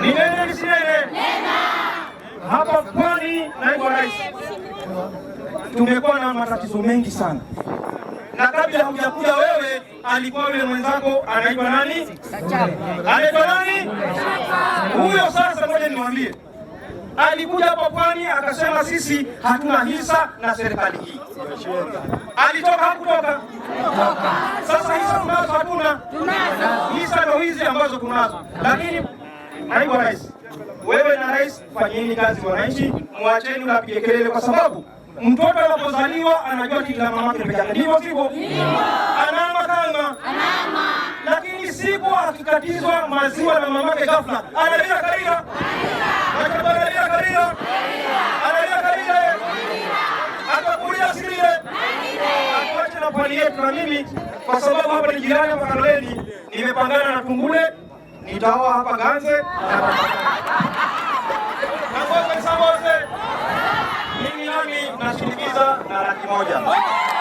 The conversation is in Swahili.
Nimerishi hapa Pwani, naibu rais, tumekuwa na matatizo mengi sana, na kabla hujakuja wewe, alikuwa yule mwenzako anaitwa nani? Anaitwa nani huyo? Sasa moja niwaambie, alikuja hapa Pwani akasema sisi hatuna hisa na serikali hii. Alitoka hakutoka? Sasa hisa tunazo, hatuna hisa, ndo hizi ambazo tunazo, lakini Naibu Rais, wewe na rais fanyeni kazi wananchi, mwacheni mnapige kelele, kwa sababu mtoto anapozaliwa anajua kila mama yake peke yake, ndivyo sivyo? Anama kanga lakini sipo, akikatizwa maziwa na mamake ghafla analia karia, analia kalia, analia karia, atakulia sirie, atuache na pwani yetu na mimi, kwa sababu hapa ni jirani hapa Kaloleni, nimepangana na Tungule nitaoa hapa Ganze na ngoja pesa wote mimi nami nashinikiza na laki moja.